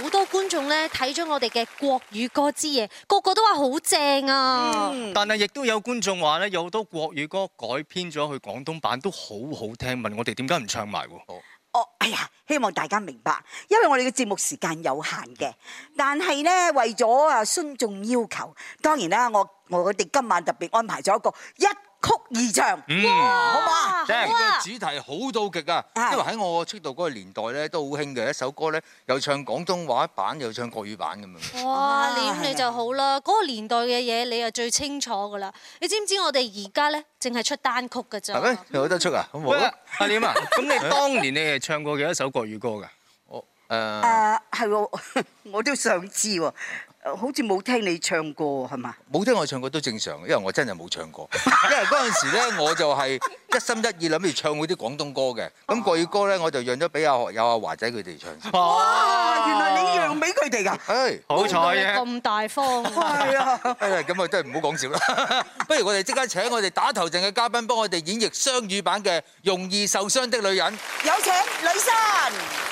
好多觀眾咧睇咗我哋嘅國語歌之夜，個個都話好正啊、嗯嗯！但係亦都有觀眾話咧，有好多國語歌改編咗去廣東版都好好聽，問我哋點解唔唱埋？哦，哎呀，希望大家明白，因為我哋嘅節目時間有限嘅，但係咧為咗啊，順眾要求，當然啦，我我哋今晚特別安排咗一個一。曲而唱，好唔好啊？即係個主題好到極啊！因為喺我出道嗰個年代咧，都好興嘅一首歌咧，又唱廣東話版，又唱國語版咁樣。哇！阿聶你就好啦，嗰個年代嘅嘢你又最清楚㗎啦。你知唔知我哋而家咧，淨係出單曲㗎咋？係咪有得出啊？好冇啦，阿聶啊，咁你當年你係唱過幾多首國語歌㗎？我誒係喎，我都想知喎。好似冇聽你唱過，係嘛？冇聽我唱過都正常，因為我真係冇唱過。因為嗰陣時咧，我就係一心一意諗住唱嗰啲廣東歌嘅。咁國語歌咧，我就讓咗俾阿學友、阿華仔佢哋唱。哇！原來你讓俾佢哋㗎。誒對，好彩對對啊！咁大方。係啊。咁啊，真係唔好講笑啦。不如我哋即刻請我哋打頭陣嘅嘉賓幫我哋演繹雙語版嘅《容易受傷的女人》。有請女生。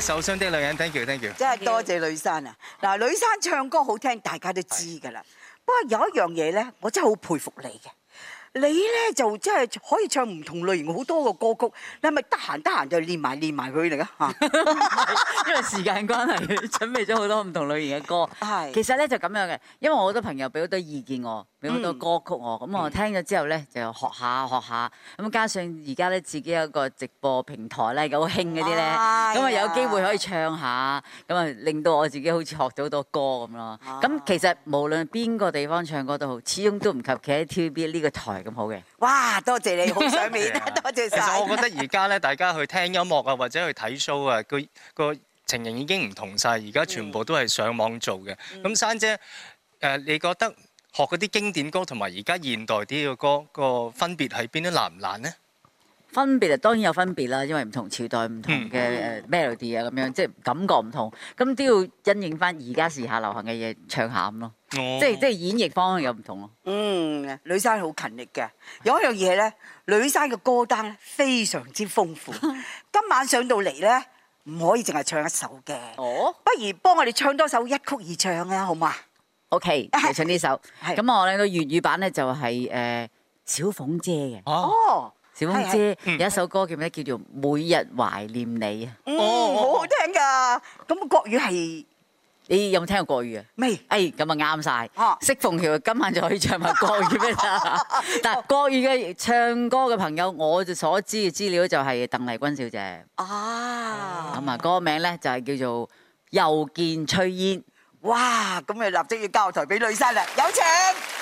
受傷的女人，thank you，thank you，真係多謝呂珊啊！嗱，呂珊唱歌好聽，大家都知㗎啦的不過有一樣嘢咧，我真係好佩服你嘅。你咧就真係可以唱唔同類型好多個歌曲，你係咪得閒得閒就練埋練埋佢嚟啊？ 因為時間關係，準備咗好多唔同類型嘅歌。 其實咧就咁、是、樣嘅，因為我好多朋友俾好多意見我，俾好多歌曲我，咁、嗯、我聽咗之後咧就學下學下。咁加上而家咧自己有一個直播平台咧好興嗰啲咧，咁啊、哎、呀有機會可以唱下，咁啊令到我自己好似學咗好多歌咁咯。咁、啊、其實無論邊個地方唱歌都好，始終都唔及企喺 TVB 呢個台。咁好嘅，哇！多謝你，好賞面，多謝曬。 其實我覺得而家咧，大家去聽音樂啊，或者去睇 show 啊，個個情形已經唔同晒。而家全部都係上網做嘅。咁珊、嗯、姐，誒，你覺得學嗰啲經典歌同埋而家現代啲嘅歌個分別喺邊咧？難唔難咧？分別啊，當然有分別啦，因為唔同朝代、唔同嘅 melody 啊、嗯，咁樣即係感覺唔同。咁都要因應翻而家時下流行嘅嘢唱下咁咯，嗯、即係即係演繹方向有唔同咯。嗯，女生好勤力嘅。有一樣嘢咧，女生嘅歌單咧，非常之豐富。 今晚上到嚟咧，唔可以淨係唱一首嘅。哦，不如幫我哋唱多一首一曲二唱啊，好嘛？OK，就唱呢首。咁是我哋個粵語版咧就係、是、誒、呃、小鳳姐嘅。哦。哦。小峰姐的有一首歌叫咩？叫做《每日懷念你》啊，哦、嗯，好好聽噶。咁國語係，你有冇聽過國語未、哎、啊？未？哎，咁啊啱晒，識鳳橋今晚就可以唱埋國語咩？ 但係國語嘅唱歌嘅朋友，我就所知嘅資料就係鄧麗君小姐。啊，咁啊，歌、那個、名咧就係叫做《又見炊煙》。哇，咁啊立即要交台俾女生啦，有請。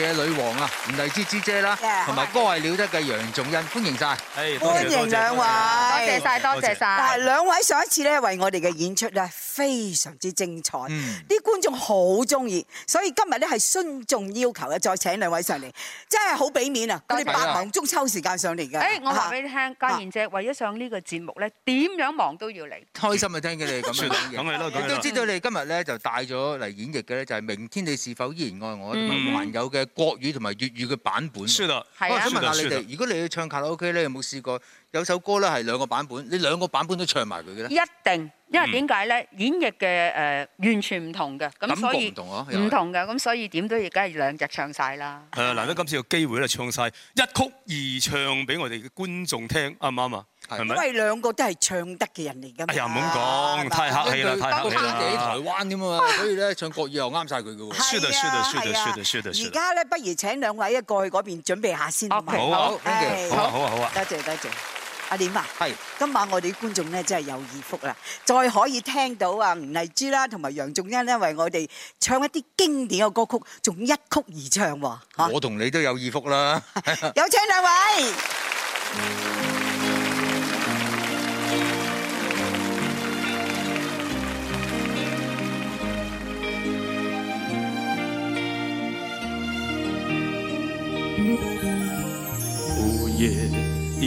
夜女王啊，吳麗珠珠姐啦，同埋歌藝了得嘅楊仲恩，歡迎曬，對歡迎兩位，多謝晒，多謝晒，但係兩位上一次咧，為我哋嘅演出咧。非常之精彩，啲、嗯、觀眾好中意，所以今日咧係順眾要求嘅，再請兩位上嚟，真係好俾面啊！咁你百忙中抽時間上嚟嘅。誒了、欸，我話俾你聽，嘉、啊、賢姐為咗上呢個節目咧，點樣忙都要嚟。開心啊！聽佢你咁講，你都知道你今日咧就帶咗嚟演繹嘅咧，就係明天你是否依然愛我，嗯、還有嘅國語同埋粵語嘅版本。啦，是的我想問下你哋，如果你去唱卡拉 OK 咧，有冇試過？有首歌咧，係兩個版本，你兩個版本都唱埋佢嘅一定，因為點解咧？演繹嘅完全唔同嘅，咁所以唔同嘅，咁所以點都而梗係兩隻唱晒啦。誒，難得今次有機會咧，唱晒一曲二唱俾我哋嘅觀眾聽，啱唔啱啊？因為兩個都係唱得嘅人嚟㗎。哎呀，唔好講，太客氣啦，太客氣啦！喺台灣㖏嘛，所以咧唱國語又啱晒佢嘅喎。而家咧，不如請兩位一過去嗰邊準備下先。好，多謝，好啊，好啊，多謝，多謝。阿點啊？係是，今晚我哋啲觀眾咧真係有耳福啦，再可以聽到是啊吳麗珠啦，同埋楊仲恩咧為我哋唱一啲經典嘅歌曲，仲一曲二唱喎。我同你都有耳福啦。 有請兩位。嗯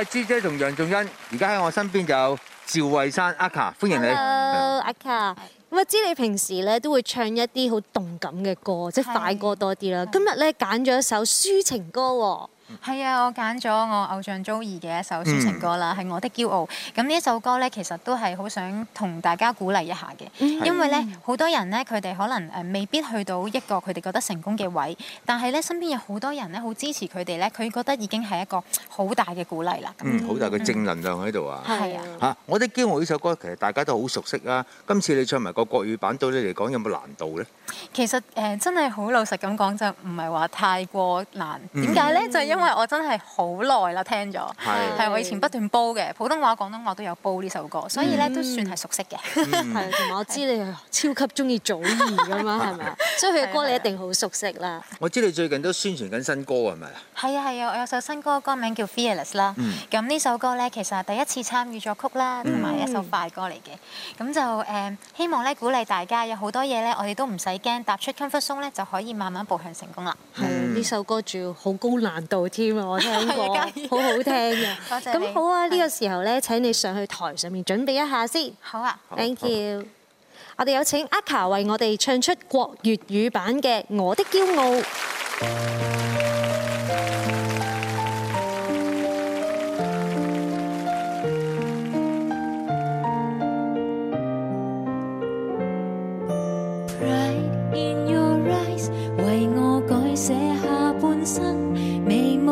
阿珠姐同楊仲恩，而家喺我身邊有趙慧珊，阿卡歡迎你。Hello，阿卡。咁我知你平時咧都會唱一啲好動感嘅歌，即係快歌多啲啦。是的是的，今日咧揀咗一首抒情歌。係啊，我揀咗我偶像 Joey 嘅一首抒情歌啦，係、嗯《我的驕傲》。咁呢一首歌咧，其實都係好想同大家鼓勵一下嘅，嗯、因為咧好多人咧佢哋可能誒未必去到一個佢哋覺得成功嘅位，但係咧身邊有好多人咧好支持佢哋咧，佢覺得已經係一個好大嘅鼓勵啦。好、嗯嗯、大嘅正能量喺度啊！係啊，嚇，《我的驕傲》呢首歌其實大家都好熟悉啦、啊。今次你唱埋個國語版對你嚟講有冇難度咧？其實誒、呃、真係好老實咁講就唔係話太過難。點解咧？嗯、就因為因為我真係好耐啦，聽咗係，係我以前不斷煲嘅，普通話、廣東話都有煲呢首歌，所以咧都算係熟悉嘅。係，同埋我知你係超級中意祖兒㗎嘛，係嘛，所以佢嘅歌你一定好熟悉啦。我知你最近都宣傳緊新歌係咪？係啊係啊，我有首新歌，歌名叫 Fearless 啦。嗯。咁呢首歌咧，其實係第一次參與作曲啦，同埋一首快歌嚟嘅。咁、嗯、就誒、呃，希望咧鼓勵大家有好多嘢咧，我哋都唔使驚，踏出 comfort zone 咧就可以慢慢步向成功啦。係、嗯，呢首歌仲要好高難度。添啊，我聽過，好好聽嘅。咁好啊，呢個時候呢，請你上去台上面準備一下先。好啊，Thank you。我哋有請 Aka 為我哋唱出國粵語版嘅《我的驕傲》。啊啊、我們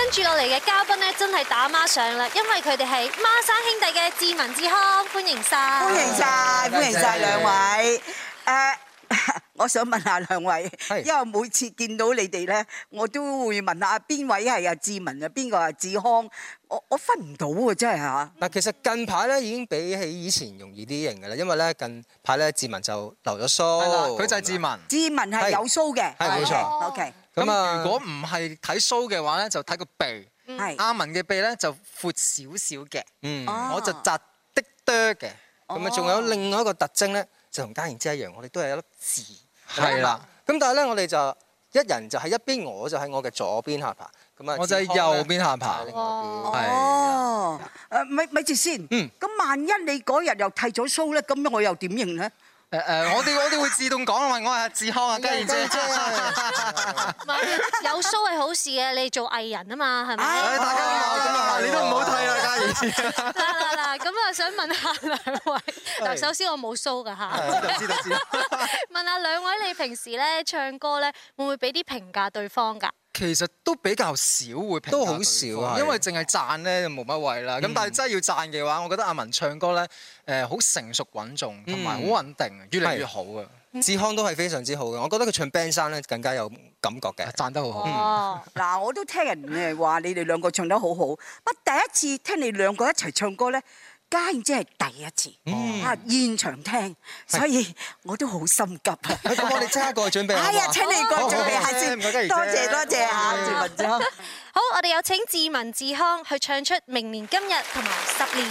跟住落嚟嘅嘉賓咧，真係打孖上啦，因為佢哋係孖生兄弟嘅志文志康，歡迎晒！歡迎晒！歡迎晒！兩位。誒，uh, 我想問下兩位，是因為每次見到你哋咧，我都會問下邊位係啊志文啊，邊個啊志康，我我分唔到喎，真係嚇。嗱、嗯，其實近排咧已經比起以前容易啲認噶啦，因為咧近排咧志文就留咗鬚，佢就係志文。志是文係有鬚嘅，冇錯。OK, okay。咁啊！如果唔係睇鬚嘅話咧，就睇個鼻。係是。阿文嘅鼻咧就闊少少嘅。嗯。我就窄啲多嘅。咁啊、哦，仲有另外一個特徵咧，就同家賢姐一樣，我哋都係一粒痣，係啦的。咁的但係咧，我哋就一人就喺一邊，我就喺我嘅左邊下巴。咁啊，我就喺右邊下巴。哦。哦的。咪咪住先。等等嗯。咁萬一你嗰日又剃咗鬚咧，咁我又點認咧？誒誒，我哋我哋會自動講我係阿志康啊，嘉怡姐。有 show 係好事嘅，你做藝人啊嘛，係咪？大家好，你都唔好睇啦，嘉怡姐！嗱嗱嗱，咁啊，想問下兩位。嗱首先我冇 show 噶嚇，知道知道。問下兩位，你平時咧唱歌咧，會唔會俾啲評價對方㗎？其實都比較少會評價，都好少啊，是因為淨係讚咧就冇乜謂啦。咁、嗯、但係真係要讚嘅話，我覺得阿文唱歌咧誒好成熟穩重，同埋好穩定，越嚟越好啊！志是康都係非常之好嘅，我覺得佢唱 band 山咧更加有感覺嘅，讚得好好。嗱哇， 我都聽人誒話你哋兩個唱得好好，不第一次聽你兩個一齊唱歌咧。家，燕姐係第一次，啊、哦，現場聽，所以我都好心急啊！是我哋即刻過去準備。哎呀 吧，請你過去好準備下先，多謝多謝啊！好！好我哋有請志文志康去唱出《明年今日》同埋《十年》。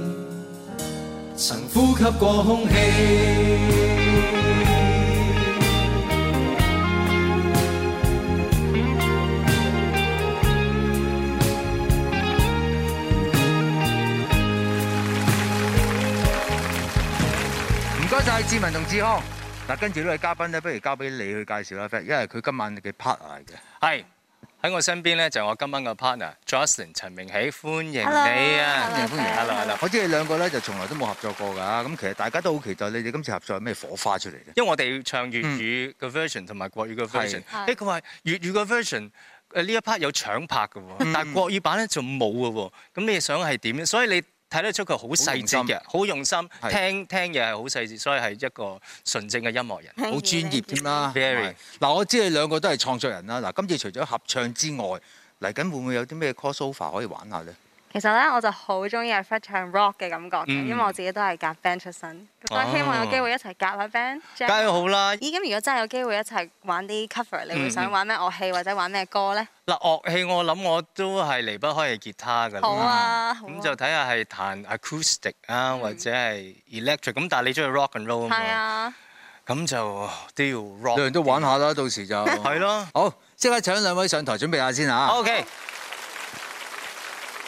呼吸過空氣。唔該晒志文同志康。嗱，跟住呢位嘉賓咧，不如交俾你去介紹啦，因為佢今晚嘅 partner 嚟嘅。係。喺我身邊咧就係、是、我今晚嘅 partner Jocelyn 陳明憙，歡迎你啊！你好歡迎歡迎，Hello！我知你兩個咧就從來都冇合作過㗎，咁其實大家都好期待你哋今次合作有咩火花出嚟嘅。因為我哋要唱粵語嘅 version 同埋國語嘅 version，誒佢話粵語嘅 version 呢一 part 有搶拍㗎喎，嗯、但係國語版咧就冇㗎喎，咁你想係點？所以你。睇得出佢好細緻嘅，好用，用心，是聽聽嘢係好細緻，所以係一個純正嘅音樂人，好專業㗎啦 Very 嗱，我知你兩個都係創作人啦。嗱，今次除咗合唱之外，嚟緊會唔會有啲咩 crossover 可以玩下咧？其實咧，我就好中意阿 Fred 唱 rock 嘅感覺嘅，因為我自己都係夾 band 出身，都希望有機會一齊夾下 band。梗係好啦！咦，咁如果真係有機會一齊玩啲 cover，你會想玩咩樂器或者玩咩歌咧？嗱，樂器我諗我都係離不開係吉他㗎。好啊，咁就睇下係彈 acoustic 啊，或者係 electric。咁但係你中意 rock and roll 啊嘛。係啊。咁就都要 rock。兩樣都玩下啦，到時就。係咯。好，即刻請兩位上台準備下先嚇。O K。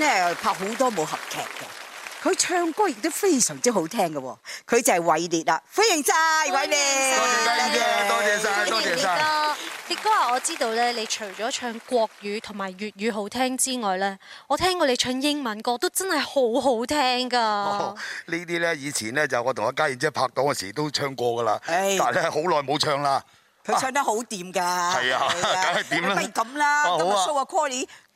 拍好多武俠劇嘅，佢唱歌亦都非常之好聽嘅。佢就係煒烈啦，歡迎晒！煒烈！多謝曬，多謝曬。煒烈哥，煒烈哥，我知道咧，你除咗唱國語同埋粵語好聽之外咧，我聽過你唱英文歌都真係好好聽㗎。呢啲咧以前咧就我同阿家燕姐拍檔嘅時都唱過㗎啦，但係咧好耐冇唱啦。佢唱得好掂㗎，係啊，梗係掂啦。梗係咁啦，咁阿蘇阿 k y l i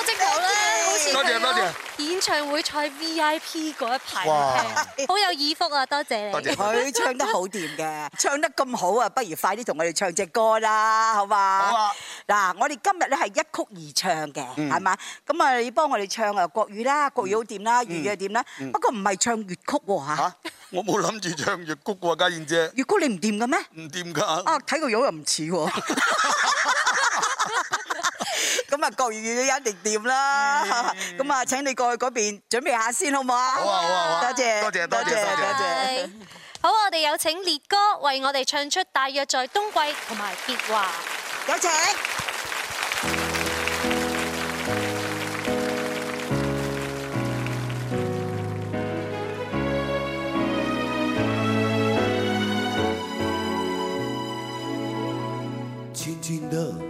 多謝多謝，好似演唱會在 V I P 嗰一排，好有耳福啊！多謝你，多謝佢唱得好掂嘅，唱得咁好啊！不如快啲同我哋唱隻歌啦，好嘛？好啊！嗱，我哋今日咧係一曲而唱嘅，係嘛？咁啊，要幫我哋唱啊國語啦，國語好掂啦，粵語又點啦，不過唔係唱粵曲喎。嚇，我冇諗住唱粵曲嘅，家燕姐。粵曲你唔掂嘅咩？唔掂噶。啊，睇個樣又唔似喎。咁啊，國語粵語都一定掂啦！咁啊、嗯，請你過去嗰邊準備一下先，好唔好啊？好啊，好啊，多謝，謝，多謝，謝，多謝，謝，多謝，謝，謝，謝。好，我哋有請烈哥為我哋唱出《大約在冬季》同埋《別話》，有請。親親的。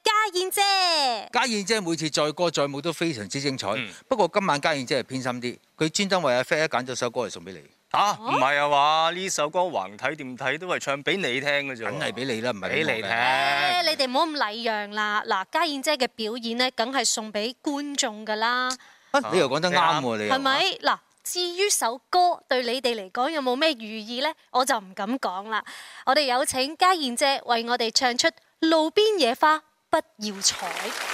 嘉燕姐，嘉燕姐每次載歌載舞都非常之精彩。嗯、不過今晚嘉燕姐係偏心啲，佢專登為阿 f a i 揀咗首歌嚟送俾你。吓、啊，唔係啊話呢首歌橫睇掂睇都係唱俾你聽嘅啫，梗係俾你啦，唔係俾你聽。欸、你哋唔好咁禮讓啦。嗱，嘉燕姐嘅表演呢，梗係送俾觀眾噶啦。你又講得啱喎，你係咪？嗱，啊、至於首歌對你哋嚟講有冇咩寓意呢？我就唔敢講啦。我哋有請嘉燕姐為我哋唱出路邊野花。不要採。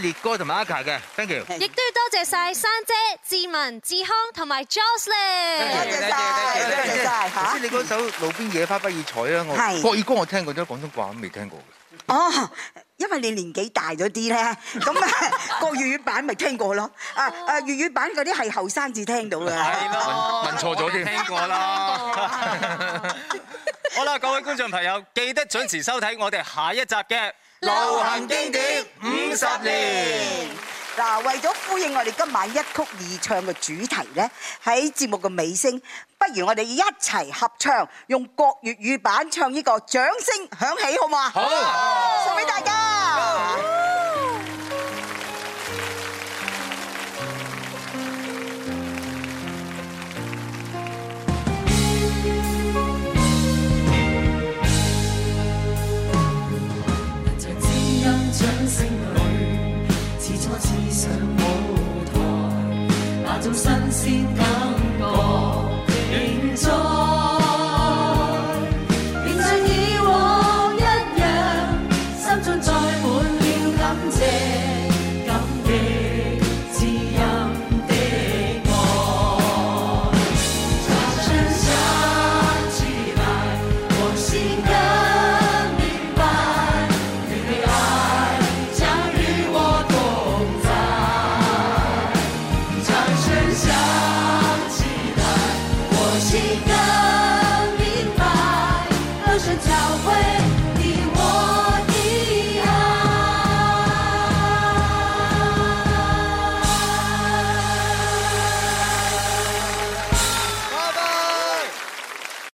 烈哥同埋阿卡嘅，thank you。亦都要多謝晒珊姐、志文、志康同埋 Jocelyn，多謝晒！多謝曬嚇。頭先你嗰首《路邊野花不要採》啊，我國語歌我聽過，都係廣東話，未聽過嘅。哦，因為你年紀大咗啲咧，咁啊國語版咪聽過咯。啊啊粵語版嗰啲係後生至聽到嘅。係咯，問錯咗添。聽過啦。好啦，各位觀眾朋友，記得準時收睇我哋下一集嘅。流行經典五十年。嗱，為咗呼應我哋今晚一曲二唱嘅主題呢，喺節目嘅尾聲，不如我哋一齊合唱，用國粵語版唱呢個，掌聲響起，好唔好？好，送俾大家。